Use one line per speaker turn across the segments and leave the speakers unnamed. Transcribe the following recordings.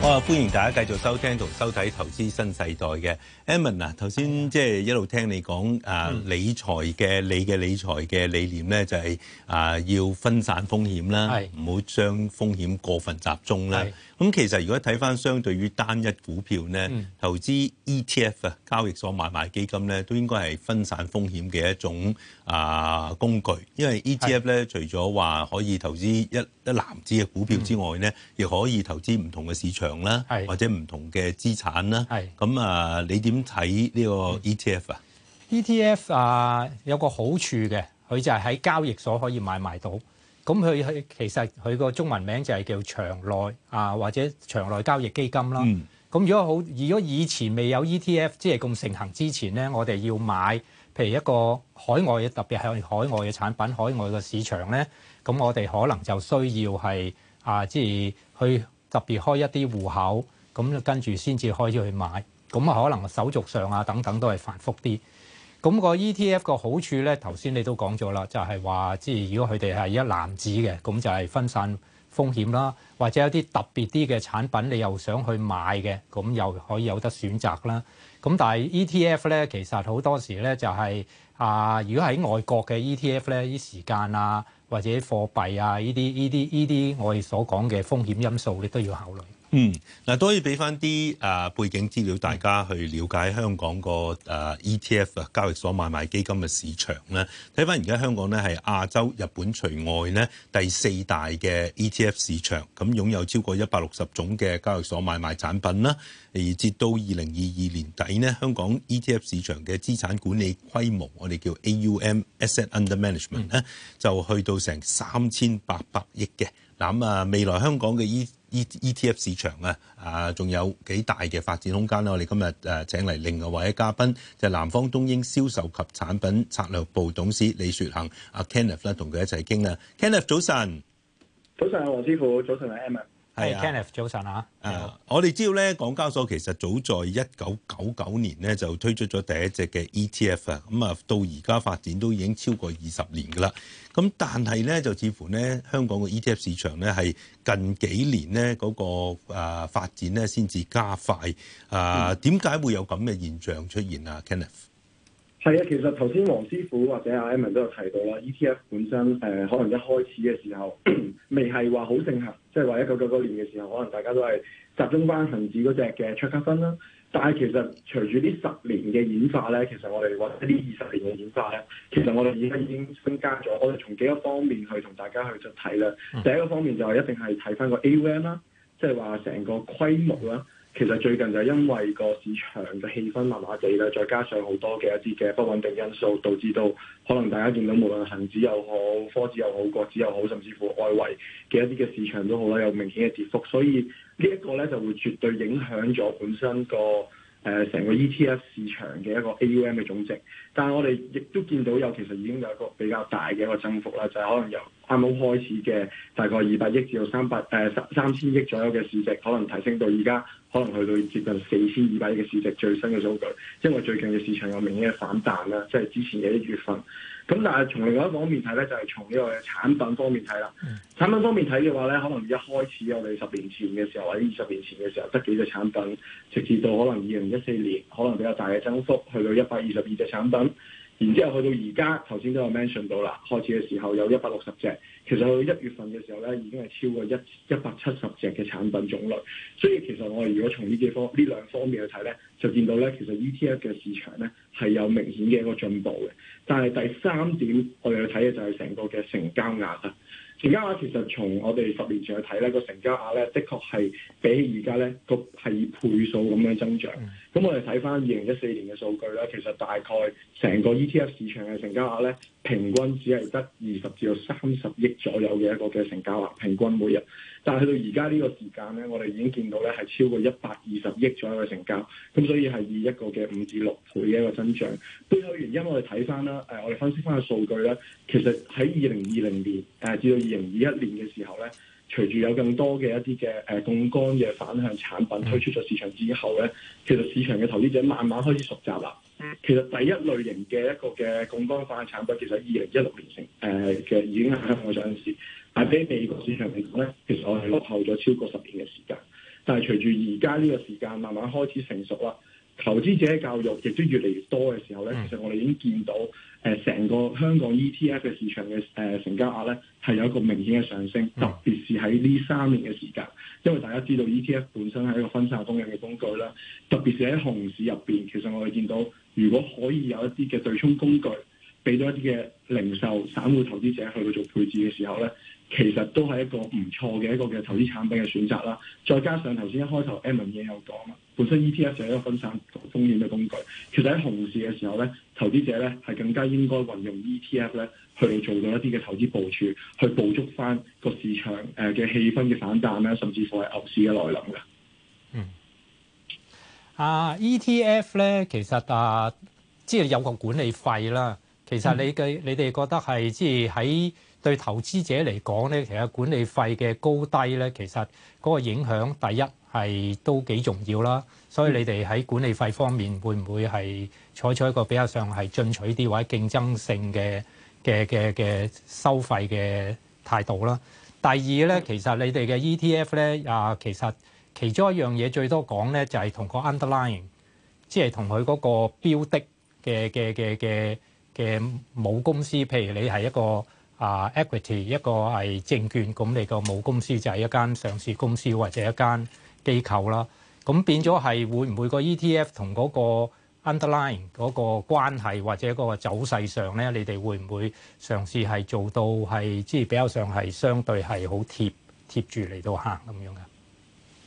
我、哦、歡迎大家繼續收聽同收睇《投資新世代》嘅 Edmond 啊，頭先即係一路聽你講啊，嗯、理財嘅你嘅理財嘅理念咧，就係、是、啊要分散風險啦，唔好將風險過分集中啦。咁其實如果睇返相對於單一股票咧，投資 ETF 啊，交易所買賣基金咧，都應該係分散風險嘅一種啊、呃、工具。因為 ETF 咧是，除咗話可以投資一一籃子嘅股票之外咧，亦、嗯、可以投資唔同嘅市場啦，是或者唔同嘅資產啦。咁啊是，你點睇呢個 ET、嗯、ETF 啊
？ETF 啊，有個好處嘅，佢就係喺交易所可以買賣到。咁佢係其實，佢個中文名就係叫場內啊，或者場內交易基金啦。咁、嗯、如果好，如果以前未有 ETF 即係咁盛行之前咧，我哋要買，譬如一個海外嘅，特別係海外嘅產品、海外嘅市場咧，咁我哋可能就需要係啊，即係去特別開一啲戶口，咁跟住先至可以去買。咁啊，可能手續上啊等等都係繁複啲。咁個 E T F 個好處咧，頭先你都講咗啦，就係話即係如果佢哋係一籃子嘅，咁就係分散風險啦。或者有啲特別啲嘅產品，你又想去買嘅，咁又可以有得選擇啦。咁但係 E T F 咧，其實好多時咧就係、是、啊，如果喺外國嘅 E T F 咧，啲時間啊或者貨幣啊呢啲呢啲呢啲我哋所講嘅風險因素，你都要考慮。
嗯，嗱，都可以俾翻啲誒背景資料，大家去了解香港個誒 ETF 嘅交易所買賣基金嘅市場咧。睇翻而家香港咧係亞洲日本除外咧第四大嘅 ETF 市場，咁擁有超過一百六十種嘅交易所買賣產品啦。而至到二零二二年底咧，香港 ETF 市場嘅資產管理規模，我哋叫 AUM（Asset Under Management） 咧，就去到成三千八百億嘅。諗啊、嗯，未來香港嘅 E E E T F 市場啊，啊，仲有幾大嘅發展空間咯！我哋今日誒請嚟另外一位嘉賓，就係、南方東英銷售及產品策略部董事李雪恒。啊，Kenneth 啦，同佢一齊傾啊，Kenneth 早晨，早晨啊，黃師傅，
早晨啊，Emma。
係 Kenneth 早晨啊！Kenneth, 啊，啊嗯、我哋知道咧，港交所其實早在一九九九年咧就推出咗第一隻嘅 ETF 啊、嗯。咁啊，到而家發展都已經超過二十年噶啦。咁、嗯、但係咧，就似乎咧香港嘅 ETF 市場咧係近幾年咧嗰、那個啊、呃、發展咧先至加快啊。點、呃、解會有咁嘅現象出現啊？Kenneth 係啊，其實
頭先黃師傅或者阿，A 文都有提到啦。ETF 本身誒、呃，可能一開始嘅時候咳咳未係話好盛行。即係話一九九九年嘅時候，可能大家都係集中翻恒指嗰隻嘅卓卡分啦。但係其實隨住呢十年嘅演化咧，其實我哋或者呢二十年嘅演化咧，其實我哋而家已經增加咗。我哋從幾個方面去同大家去睇啦。嗯、第一個方面就係一定係睇翻個 AUM 啦，即係話成個規模啦。其實最近就係因為個市場嘅氣氛麻麻地啦，再加上好多嘅一啲嘅不穩定因素，導致到可能大家見到無論恒指又好、科指又好、國指又好，甚至乎外圍嘅一啲嘅市場都好啦，有明顯嘅跌幅，所以呢一個咧就會絕對影響咗本身個誒成、呃、個 ETF 市場嘅一個 AUM 嘅總值。但係我哋亦都見到有其實已經有一個比較大嘅一個增幅啦，就係可能由啱啱開始嘅大概二百億至到三百誒三三千億左右嘅市值，可能提升到而家可能去到接近四千二百億嘅市值，最新嘅數據。因為最近嘅市場有明顯嘅反彈啦，即係之前嘅一月份。咁但係從另外一方面睇咧，就係從呢個產品方面睇啦。產品方面睇嘅話咧，可能一開始我哋十年前嘅時候或者二十年前嘅時候得幾隻產品，直至到可能二零一四年可能比較大嘅增幅，去到一百二十二隻產品。然之後去到而家，頭先都有 mention 到啦。開始嘅時候有一百六十隻，其實去到一月份嘅時候咧，已經係超過一一百七十隻嘅產品種類。所以其實我哋如果從呢幾方呢兩方面去睇咧，就見到咧，其實 E T F 嘅市場咧係有明顯嘅一個進步嘅。但係第三點我哋去睇嘅就係成個嘅成交額啊。成交額，其實從我哋十年前去睇咧，個成交額咧，的確係比起而家咧，個係倍數咁樣增長。咁我哋睇翻二零一四年嘅數據咧，其實大概成個 ETF 市場嘅成交額咧。平均只係得二十至到三十億左右嘅一個嘅成交額，平均每日。但係去到而家呢個時間咧，我哋已經見到咧係超過一百二十億左右嘅成交，咁所以係以一個嘅五至六倍嘅一個增長。背後原因我哋睇翻啦，誒，我哋分析翻個數據咧，其實喺二零二零年誒至到二零二一年嘅時候咧，隨住有更多嘅一啲嘅誒槓桿嘅反向產品推出咗市場之後咧，其實市場嘅投資者慢慢開始熟習啦。嗯、其實第一類型嘅一個嘅槓桿化產品，其實二零一六年成誒、呃，其實已經喺香港上市。但係比美國市場嚟講咧，其實我哋落後咗超過十年嘅時間。但係隨住而家呢個時間慢慢開始成熟啦，投資者教育亦都越嚟越多嘅時候咧，嗯、其實我哋已經見到誒，成、呃、個香港 E T F 嘅市場嘅誒、呃、成交額咧係有一個明顯嘅上升，特別是喺呢三年嘅時間。因為大家知道 E T F 本身係一個分散風險嘅工具啦，特別是喺熊市入邊，其實我哋見到。如果可以有一啲嘅對沖工具，俾咗一啲嘅零售散戶投資者去到做配置嘅時候咧，其實都係一個唔錯嘅一個嘅投資產品嘅選擇啦。再加上頭先一開頭 Aaron 也有講啦，本身 ETF 就係一個分散風險嘅工具，其實喺熊市嘅時候咧，投資者咧係更加應該運用 ETF 咧去做到一啲嘅投資部署，去捕捉翻個市場誒嘅氣氛嘅反彈啦，甚至乎係牛市嘅來臨嘅。
啊，ETF 咧，其實啊，即係有個管理費啦。其實你嘅、嗯、你哋覺得係即係喺對投資者嚟講咧，其實管理費嘅高低咧，其實嗰個影響第一係都幾重要啦。所以你哋喺管理費方面會唔會係採取一個比較上係進取啲或者競爭性嘅嘅嘅嘅收費嘅態度啦？第二咧，其實你哋嘅 ETF 咧啊，其實。其中一樣嘢最多講咧，就係、是、同個 underline 即係同佢嗰個標的嘅嘅嘅嘅嘅母公司。譬如你係一個啊、uh, equity，一個係證券，咁你個母公司就係一間上市公司或者一間機構啦。咁變咗係會唔會個 ETF 同嗰個 underline 嗰個關係或者嗰個走勢上咧，你哋會唔會嘗試係做到係即係比較上係相對係好貼貼住嚟到行咁樣噶？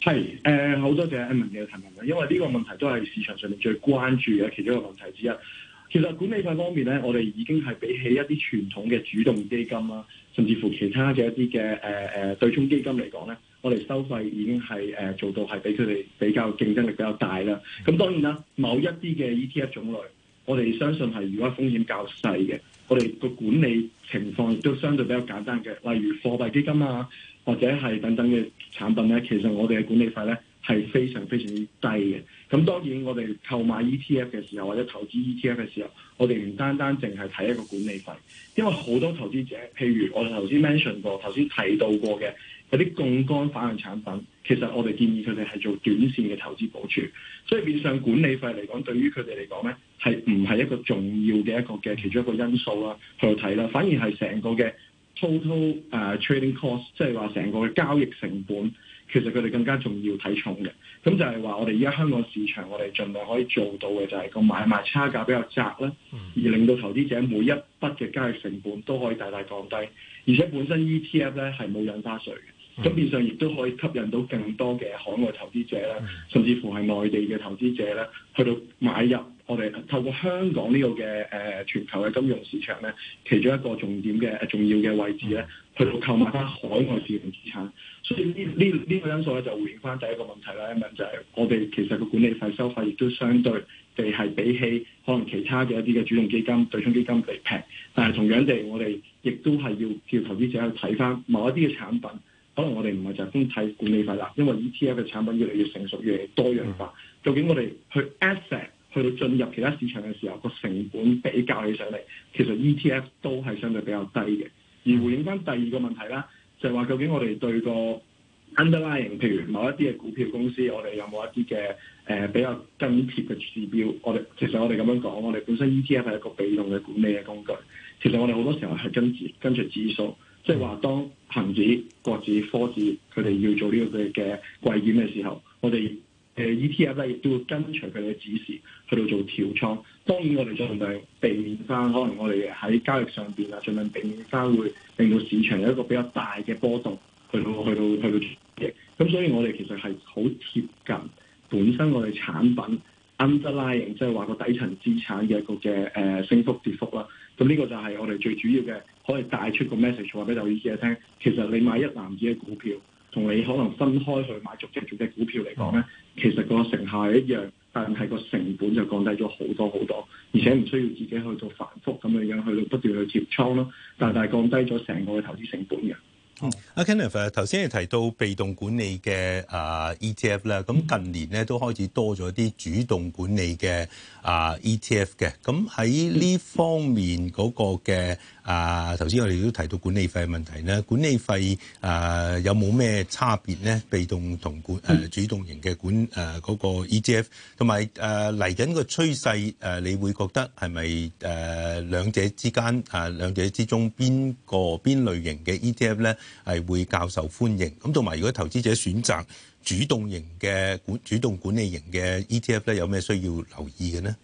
係，誒，好、呃、多謝阿文嘅提問啦，因為呢個問題都係市場上面最關注嘅其中一個問題之一。其實管理費方面咧，我哋已經係比起一啲傳統嘅主動基金啦，甚至乎其他嘅一啲嘅誒誒對沖基金嚟講咧，我哋收費已經係誒、呃、做到係比佢哋比較競爭力比較大啦。咁當然啦，某一啲嘅 ETF 種類，我哋相信係如果風險較細嘅，我哋個管理情況亦都相對比較簡單嘅，例如貨幣基金啊。或者係等等嘅產品咧，其實我哋嘅管理費咧係非常非常之低嘅。咁當然我哋購買 ETF 嘅時候或者投資 ETF 嘅時候，我哋唔單單淨係睇一個管理費，因為好多投資者，譬如我哋頭先 mention 過、頭先提到過嘅有啲槓桿反向產品，其實我哋建議佢哋係做短線嘅投資保住，所以變相管理費嚟講，對於佢哋嚟講咧係唔係一個重要嘅一個嘅其中一個因素啦去睇啦，反而係成個嘅。Total 誒、uh, Trading Cost 即係話成個交易成本，其實佢哋更加重要睇重嘅。咁就係話我哋而家香港市場，我哋儘量可以做到嘅就係個買賣差價比較窄啦，而令到投資者每一筆嘅交易成本都可以大大降低，而且本身 ETF 咧係冇印花稅。咁變相亦都可以吸引到更多嘅海外投資者啦，甚至乎係內地嘅投資者咧，去到買入我哋透過香港呢個嘅誒全球嘅金融市場咧，其中一個重點嘅重要嘅位置咧，去到購買翻海外資本資產。所以呢呢呢個因素咧，就回應翻第一個問題啦。咁樣就係我哋其實個管理費收費亦都相對地係比起可能其他嘅一啲嘅主動基金、對沖基金嚟平。但係同樣地，我哋亦都係要叫投資者去睇翻某一啲嘅產品。可能我哋唔係就係光睇管理費啦，因為 E T F 嘅產品越嚟越成熟，越嚟越多元化。究竟我哋去 asset 去到進入其他市場嘅時候，個成本比較起上嚟，其實 E T F 都係相對比較低嘅。而回應翻第二個問題啦，就係話究竟我哋對個 underlying，譬如某一啲嘅股票公司，我哋有冇一啲嘅誒比較跟貼嘅指標？我哋其實我哋咁樣講，我哋本身 E T F 係一個被動嘅管理嘅工具。其實我哋好多時候係跟，跟住跟隨指數。即係話，當恒指、國指、科指佢哋要做呢個佢哋嘅季檢嘅時候，我哋誒 ETF 咧亦都會跟隨佢哋嘅指示去到做調倉。當然，我哋盡量避免翻，可能我哋喺交易上邊啊，盡量避免翻會令到市場有一個比較大嘅波動去，去到去到去到咁。所以，我哋其實係好貼近本身我哋產品 underlying 即係話個底層資產嘅一個嘅誒升幅、跌幅啦。咁呢個就係我哋最主要嘅，可以帶出個 message 話俾投資者聽。其實你買一籃子嘅股票，同你可能分開去買逐隻逐隻股票嚟講咧，其實個成效係一樣，但係個成本就降低咗好多好多，而且唔需要自己去做繁複咁樣樣去不斷去接倉咯，大大降低咗成個嘅投資成本嘅。
阿 Kenneth，頭先係提到被動管理嘅啊 ETF 啦，咁近年咧都開始多咗啲主動管理嘅啊 ETF 嘅，咁喺呢方面嗰個嘅。啊！頭先我哋都提到管理費問題咧，管理費啊有冇咩差別咧？被動同管誒、啊、主動型嘅管誒嗰、啊那個 ETF，同埋誒嚟緊個趨勢誒，你會覺得係咪誒兩者之間啊兩者之中邊個邊類型嘅 ETF 咧係、啊、會較受歡迎？咁同埋如果投資者選擇主動型嘅管主動管理型嘅 ETF 咧，有咩需要留意嘅咧？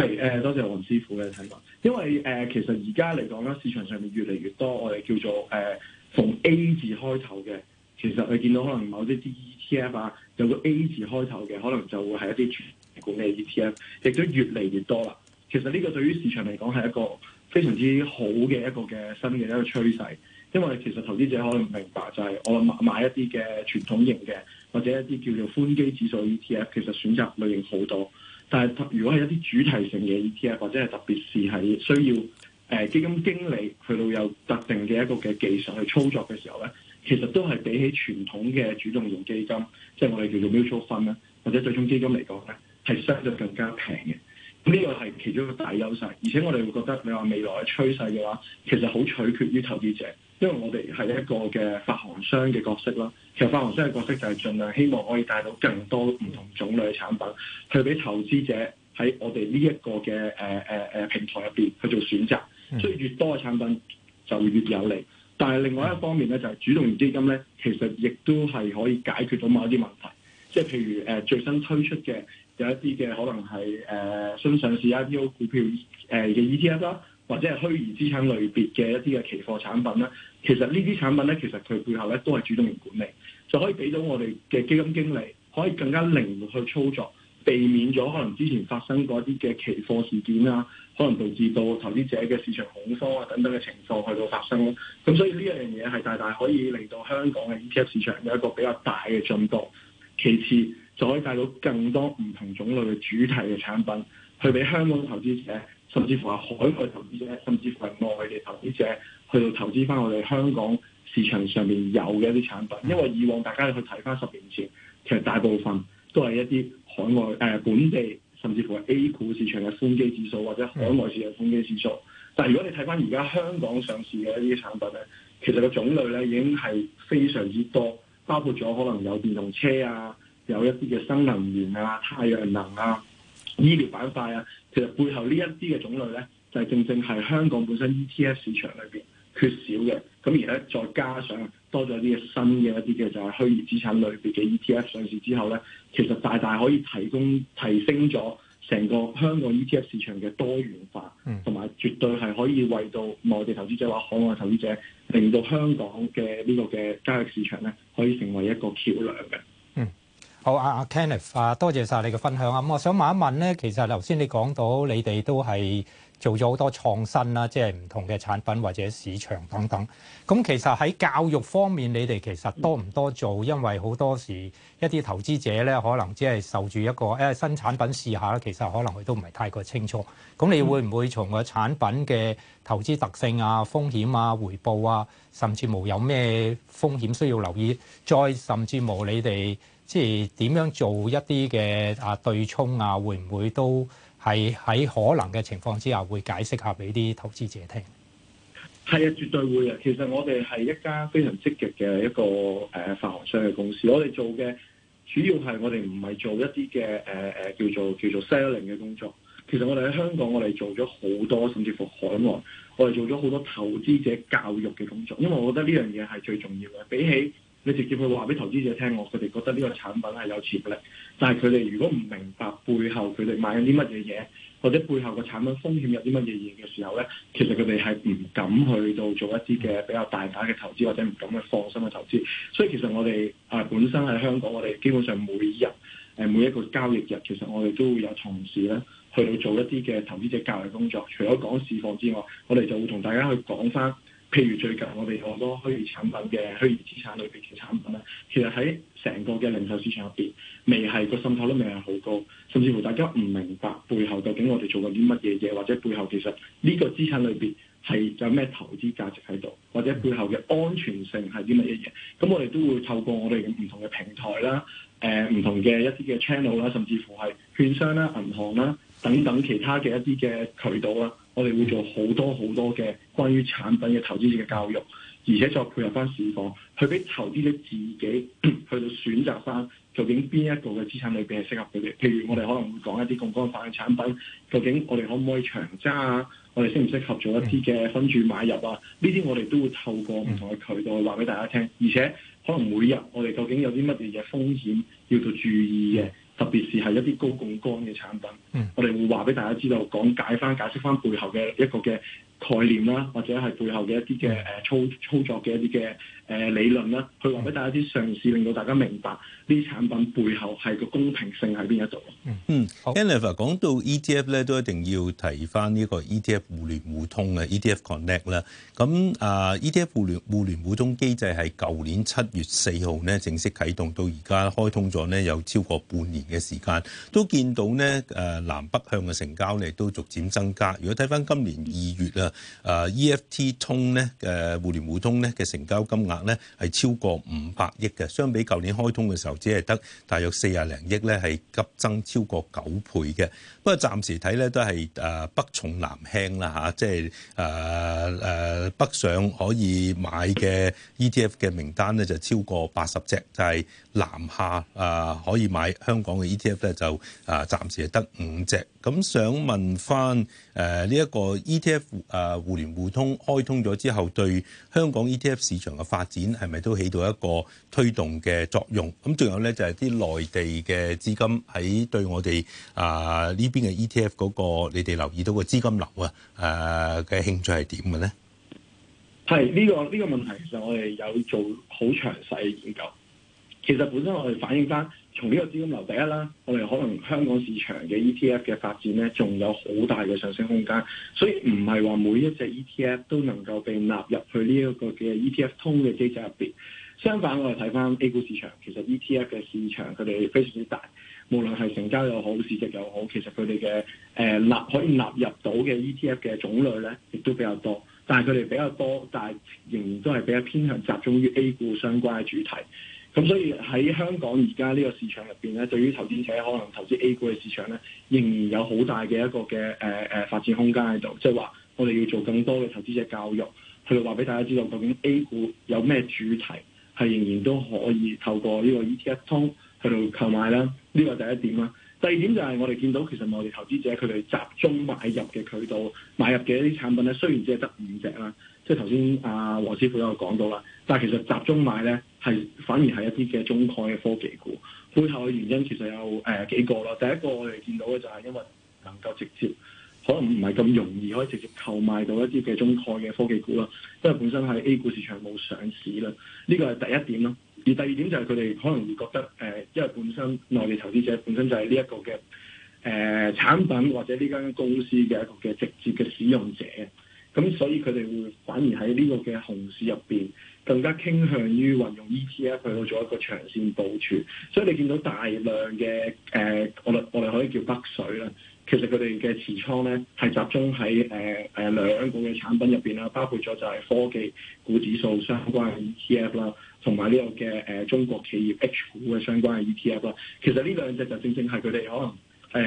係誒，多謝黃師傅嘅睇法。因為誒、呃，其實而家嚟講咧，市場上面越嚟越多，我哋叫做誒、呃、從 A 字開頭嘅，其實你見到可能某一啲 ETF 啊，有個 A 字開頭嘅，可能就會係一啲主動管理 ETF，亦都越嚟越多啦。其實呢個對於市場嚟講係一個非常之好嘅一個嘅新嘅一個趨勢，因為其實投資者可能明白就係、是、我買買一啲嘅傳統型嘅，或者一啲叫做寬基指數 ETF，其實選擇類型好多。但係，如果係一啲主題性嘅 ETF，或者係特別是係需要誒、呃、基金經理去到有特定嘅一個嘅技術去操作嘅時候咧，其實都係比起傳統嘅主動型基金，即係我哋叫做 mutual fund 或者對沖基金嚟講咧，係相對更加平嘅。咁呢個係其中一個大優勢，而且我哋會覺得你話未來嘅趨勢嘅話，其實好取決於投資者。因為我哋係一個嘅發行商嘅角色啦，其實發行商嘅角色就係盡量希望可以帶到更多唔同種類嘅產品，去俾投資者喺我哋呢一個嘅誒誒誒平台入邊去做選擇，所以越多嘅產品就越有利。但係另外一方面咧，就係、主動型基金咧，其實亦都係可以解決到某啲問題，即係譬如誒、呃、最新推出嘅有一啲嘅可能係誒新上市 IPO 股票誒嘅 ETF 啦。或者係虛擬資產類別嘅一啲嘅期貨產品咧，其實呢啲產品咧，其實佢背後咧都係主動型管理，就可以俾到我哋嘅基金經理可以更加靈活去操作，避免咗可能之前發生嗰啲嘅期貨事件啦，可能導致到投資者嘅市場恐慌啊等等嘅情況去到發生咯。咁所以呢一樣嘢係大大可以令到香港嘅 ETF 市場有一個比較大嘅進度。其次，就可以帶到更多唔同種類嘅主題嘅產品去俾香港投資者。甚至乎係海外投資者，甚至乎係外地投資者去到投資翻我哋香港市場上面有嘅一啲產品，因為以往大家去睇翻十年前，其實大部分都係一啲海外誒、呃、本地，甚至乎係 A 股市場嘅寬基指數或者海外市場寬基指數。但係如果你睇翻而家香港上市嘅一啲產品咧，其實個種類咧已經係非常之多，包括咗可能有電動車啊，有一啲嘅新能源啊，太陽能啊。醫療板塊啊，其實背後呢一啲嘅種類咧，就係正正係香港本身 E T F 市場裏邊缺少嘅。咁而咧，再加上多咗啲嘅新嘅一啲嘅，就係虛擬資產裏邊嘅 E T F 上市之後咧，其實大大可以提供提升咗成個香港 E T F 市場嘅多元化，同埋絕對係可以為到內地投資者或海外投資者，令到香港嘅呢個嘅交易市場咧，可以成為一個橋樑嘅。。
好啊啊 Kenneth 啊，多謝晒你嘅分享啊！咁、嗯、我想問一問咧，其實頭先你講到你哋都係做咗好多創新啦，即係唔同嘅產品或者市場等等。咁、嗯嗯、其實喺教育方面，你哋其實多唔多做？因為好多時一啲投資者咧，可能只係受住一個誒新產品試下啦，其實可能佢都唔係太過清楚。咁你會唔會從個產品嘅投資特性啊、風險啊、回報啊，甚至冇有咩風險需要留意，再甚至冇你哋？即係點樣做一啲嘅啊對沖啊，會唔會都係喺可能嘅情況之下，會解釋下俾啲投資者聽？
係啊，絕對會啊！其實我哋係一家非常積極嘅一個誒、呃、發行商嘅公司。我哋做嘅主要係我哋唔係做一啲嘅誒誒叫做叫做 selling 嘅工作。其實我哋喺香港，我哋做咗好多，甚至乎海外，我哋做咗好多投資者教育嘅工作，因為我覺得呢樣嘢係最重要嘅，比起。你直接去話俾投資者聽，我佢哋覺得呢個產品係有潛力，但係佢哋如果唔明白背後佢哋買緊啲乜嘢嘢，或者背後個產品風險有啲乜嘢嘢嘅時候咧，其實佢哋係唔敢去到做一啲嘅比較大膽嘅投資，或者唔敢去放心嘅投資。所以其實我哋啊本身喺香港，我哋基本上每日誒每一個交易日，其實我哋都會有同事咧去到做一啲嘅投資者教育工作，除咗講市況之外，我哋就會同大家去講翻。譬如最近我哋好多虛擬產品嘅虛擬資產裏邊嘅產品咧，其實喺成個嘅零售市場入邊，未係個滲透率未係好高，甚至乎大家唔明白背後究竟我哋做緊啲乜嘢嘢，或者背後其實呢個資產裏邊係有咩投資價值喺度，或者背後嘅安全性係啲乜嘢嘢？咁我哋都會透過我哋唔同嘅平台啦，誒、呃、唔同嘅一啲嘅 channel 啦，甚至乎係券商啦、銀行啦。等等其他嘅一啲嘅渠道啦，我哋會做好多好多嘅關於產品嘅投資者嘅教育，而且再配合翻市況去俾投資者自己 去到選擇翻究竟邊一個嘅資產裏邊係適合佢哋。譬如我哋可能會講一啲槓桿化嘅產品，究竟我哋可唔可以長揸啊？我哋適唔適合做一啲嘅分注買入啊？呢啲我哋都會透過唔同嘅渠道去話俾大家聽，而且可能每日我哋究竟有啲乜嘢嘅風險要到注意嘅。特別是係一啲高槓桿嘅產品，嗯、我哋會話俾大家知道，講解翻、解釋翻背後嘅一個嘅。概念啦，或者係背後嘅一啲嘅誒操操作嘅一啲嘅誒理論啦，去
話俾大家啲嘗試，令到大家明白呢啲產品背後係個公平性喺邊一度。嗯，好。a n l e v 講到 ETF 咧，都一定要提翻呢個 ETF 互聯互通嘅 ETF Connect 啦。咁、uh, 啊，ETF 互聯互聯互通機制係舊年七月四號呢正式啟動，到而家開通咗呢有超過半年嘅時間，都見到呢誒南北向嘅成交呢都逐漸增加。如果睇翻今年二月啊，誒、uh, ETF 通咧誒、uh, 互聯互通咧嘅成交金額咧係超過五百億嘅，相比舊年開通嘅時候只係得大約四十零億，咧係急增超過九倍嘅。不過暫時睇咧都係誒、uh, 北重南輕啦嚇，即係誒誒北上可以買嘅 ETF 嘅名單咧就超過八十隻，就係、是、南下誒、uh, 可以買香港嘅 ETF 咧就誒、uh, 暫時係得五隻。咁想問翻？誒呢一個 ETF 誒、啊、互聯互通開通咗之後，對香港 ETF 市場嘅發展係咪都起到一個推動嘅作用？咁、啊、仲有咧就係啲內地嘅資金喺對我哋啊呢邊嘅 ETF 嗰、嗰個，你哋留意到個資金流啊誒嘅興趣係點嘅咧？係呢、這個呢、這個問題，其實
我哋有做好詳細研究。其實本身我哋反映翻，從呢個資金流第一啦，我哋可能香港市場嘅 ETF 嘅發展咧，仲有好大嘅上升空間。所以唔係話每一隻 ETF 都能夠被納入去呢一個嘅 ETF 通嘅機制入邊。相反，我哋睇翻 A 股市場，其實 ETF 嘅市場佢哋非常之大，無論係成交又好，市值又好，其實佢哋嘅誒納可以納入到嘅 ETF 嘅種類咧，亦都比較多。但係佢哋比較多，但係仍然都係比較偏向集中於 A 股相關嘅主題。咁所以喺香港而家呢個市場入邊咧，對於投資者可能投資 A 股嘅市場咧，仍然有好大嘅一個嘅誒誒發展空間喺度。即係話，我哋要做更多嘅投資者教育，去到話俾大家知道究竟 A 股有咩主題，係仍然都可以透過呢個 ETF 通去到購買啦。呢個係第一點啦。第二點就係我哋見到其實我哋投資者佢哋集中買入嘅渠道，買入嘅一啲產品咧，雖然只係得五隻啦。即係頭先啊，黃師傅有講到啦，但係其實集中買咧，係反而係一啲嘅中概嘅科技股，背後嘅原因其實有誒、呃、幾個啦。第一個我哋見到嘅就係因為能夠直接，可能唔係咁容易可以直接購買到一啲嘅中概嘅科技股啦，因為本身喺 A 股市場冇上市啦，呢、這個係第一點咯。而第二點就係佢哋可能會覺得誒、呃，因為本身內地投資者本身就係呢一個嘅誒、呃、產品或者呢間公司嘅一個嘅直接嘅使用者。咁所以佢哋會反而喺呢個嘅熊市入邊，更加傾向於運用 ETF 去到做一個長線部署。所以你見到大量嘅誒、呃，我哋我哋可以叫北水啦。其實佢哋嘅持倉咧係集中喺誒誒兩個嘅產品入邊啦，包括咗就係科技股指數相關嘅 ETF 啦，同埋呢個嘅誒中國企業 H 股嘅相關嘅 ETF 啦。其實呢兩隻就正正係佢哋可能誒、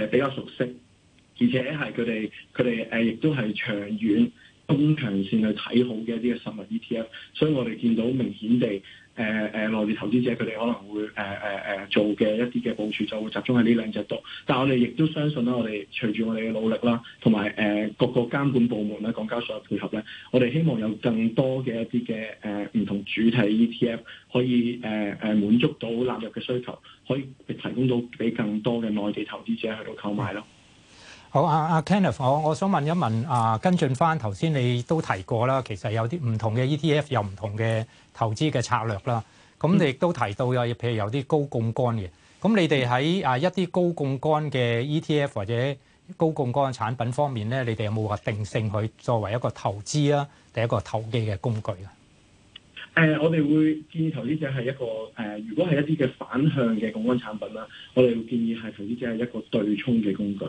呃、比較熟悉，而且係佢哋佢哋誒亦都係長遠。中長線去睇好嘅一啲嘅實物 ETF，所以我哋見到明顯地，誒、呃、誒、呃、內地投資者佢哋可能會誒誒誒做嘅一啲嘅部署就會集中喺呢兩隻度，但係我哋亦都相信啦，我哋隨住我哋嘅努力啦，同埋誒各個監管部門啦、港交所嘅配合咧，我哋希望有更多嘅一啲嘅誒唔同主題 ETF 可以誒誒、呃、滿足到納入嘅需求，可以提供到俾更多嘅內地投資者去到購買咯。
好啊，啊、oh, Kenneth，我我想問一問啊，跟進翻頭先你都提過啦，其實有啲唔同嘅 ETF，有唔同嘅投資嘅策略啦。咁你亦都提到有，譬如有啲高槓桿嘅。咁你哋喺啊一啲高槓桿嘅 ETF 或者高槓桿嘅產品方面咧，你哋有冇話定性去作為一個投資啊，定一個投機嘅工具啊？誒、呃，我哋會建議投資
者係一個誒、呃，如果係一啲嘅反向嘅槓桿產品啦，我哋會建議係投資者係一個對沖嘅工具。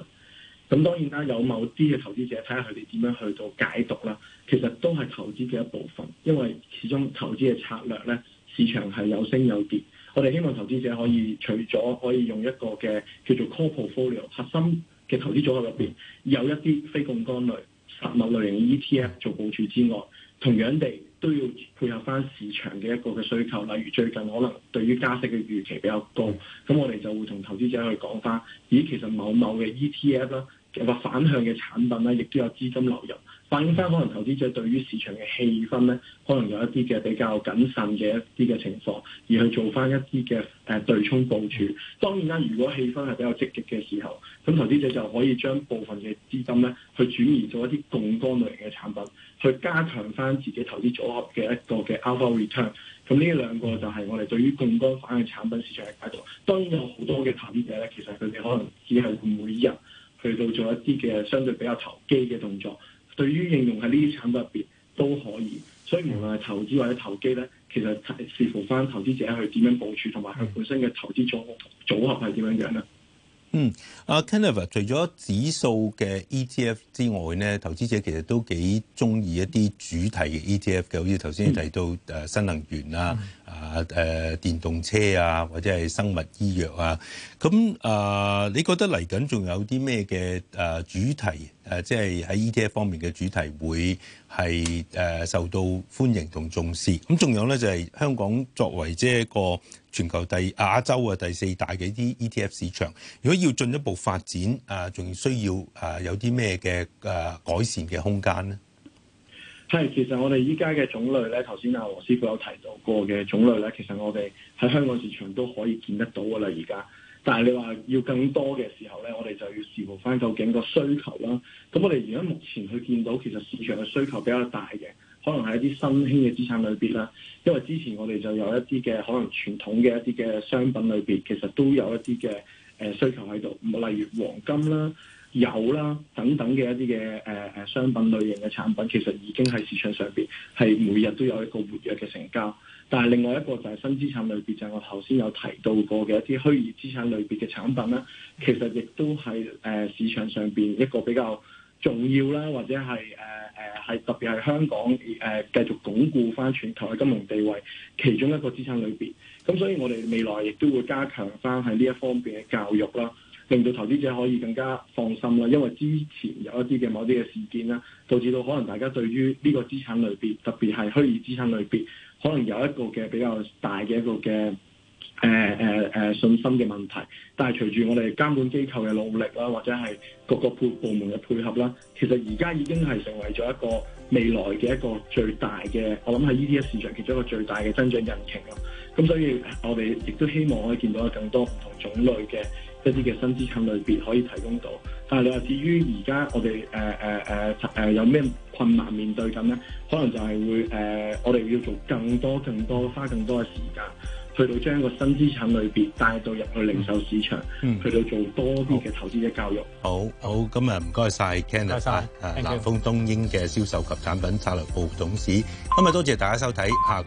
咁當然啦，有某啲嘅投資者睇下佢哋點樣去到解讀啦，其實都係投資嘅一部分，因為始終投資嘅策略咧，市場係有升有跌。我哋希望投資者可以除咗可以用一個嘅叫做 core portfolio 核心嘅投資組合入邊，有一啲非槓桿類、實物類型 ETF 做部署之外，同樣地，都要配合翻市場嘅一個嘅需求，例如最近可能對於加息嘅預期比較高，咁我哋就會同投資者去講翻，咦，其實某某嘅 ETF 啦，有個反向嘅產品啦，亦都有資金流入。反映翻可能投資者對於市場嘅氣氛咧，可能有一啲嘅比較謹慎嘅一啲嘅情況，而去做翻一啲嘅誒對沖部署。當然啦，如果氣氛係比較積極嘅時候，咁投資者就可以將部分嘅資金咧去轉移做一啲槓桿類型嘅產品，去加強翻自己投資組合嘅一個嘅 Alpha Return。咁呢兩個就係我哋對於槓桿反嘅產品市場嘅解讀。當然有好多嘅投資者咧，其實佢哋可能只係每日去到做一啲嘅相對比較投機嘅動作。對於應用喺呢啲產品入邊都可以，所以無論係投資或者投機咧，其實係視乎翻投資者去點樣部署，同埋佢本身嘅投資組組合係點樣樣咧。
嗯，阿 Canva 除咗指數嘅 ETF 之外咧，投資者其實都幾鍾意一啲主題嘅 ETF 嘅，好似頭先提到誒、呃、新能源啊、啊、呃、誒、呃、電動車啊，或者係生物醫藥啊。咁、呃、啊，你覺得嚟緊仲有啲咩嘅誒主題？誒、呃、即係喺 ETF 方面嘅主題會係誒、呃、受到歡迎同重視。咁、嗯、仲有咧就係、是、香港作為即、這、係一個。全球第亞洲啊第四大嘅 ETF 市場，如果要進一步發展啊，仲需要有啊有啲咩嘅誒改善嘅空間
呢？係，其實我哋依家嘅種類咧，頭先阿黃師傅有提到過嘅種類咧，其實我哋喺香港市場都可以見得到㗎喇。而家，但係你話要更多嘅時候咧，我哋就要視乎返究竟個需求啦。噉我哋而家目前去見到，其實市場嘅需求比較大嘅。可能係一啲新興嘅資產類別啦，因為之前我哋就有一啲嘅可能傳統嘅一啲嘅商品類別，其實都有一啲嘅誒需求喺度，例如黃金啦、油啦等等嘅一啲嘅誒誒商品類型嘅產品，其實已經喺市場上邊係每日都有一個活躍嘅成交。但係另外一個就係新資產類別，就係、係、我頭先有提到過嘅一啲虛擬資產類別嘅產品啦，其實亦都係誒市場上邊一個比較。重要啦，或者係誒誒係特別係香港誒、呃、繼續鞏固翻全球嘅金融地位，其中一個資產類別。咁所以我哋未來亦都會加強翻喺呢一方面嘅教育啦，令到投資者可以更加放心啦。因為之前有一啲嘅某啲嘅事件啦，導致到可能大家對於呢個資產類別，特別係虛擬資產類別，可能有一個嘅比較大嘅一個嘅。誒誒誒信心嘅問題，但係隨住我哋監管機構嘅努力啦，或者係各個部，部門嘅配合啦，其實而家已經係成為咗一個未來嘅一個最大嘅，我諗喺 E T F 市場其中一個最大嘅增長引擎咯。咁、啊、所以，我哋亦都希望可以見到更多唔同種類嘅一啲嘅新資產類別可以提供到。但係你話至於而家我哋誒誒誒誒有咩困難面對緊咧？可能就係會誒、啊，我哋要做更多更多，花更多嘅時間。去到將一個新資產類別帶到入去零售市場，嗯、去到做多啲嘅投資者
教育。好、嗯、好，咁謝啊，唔該晒。Kenneth
誒南方東英嘅銷售及產品策略部董事。今日多謝大家收睇，下個禮。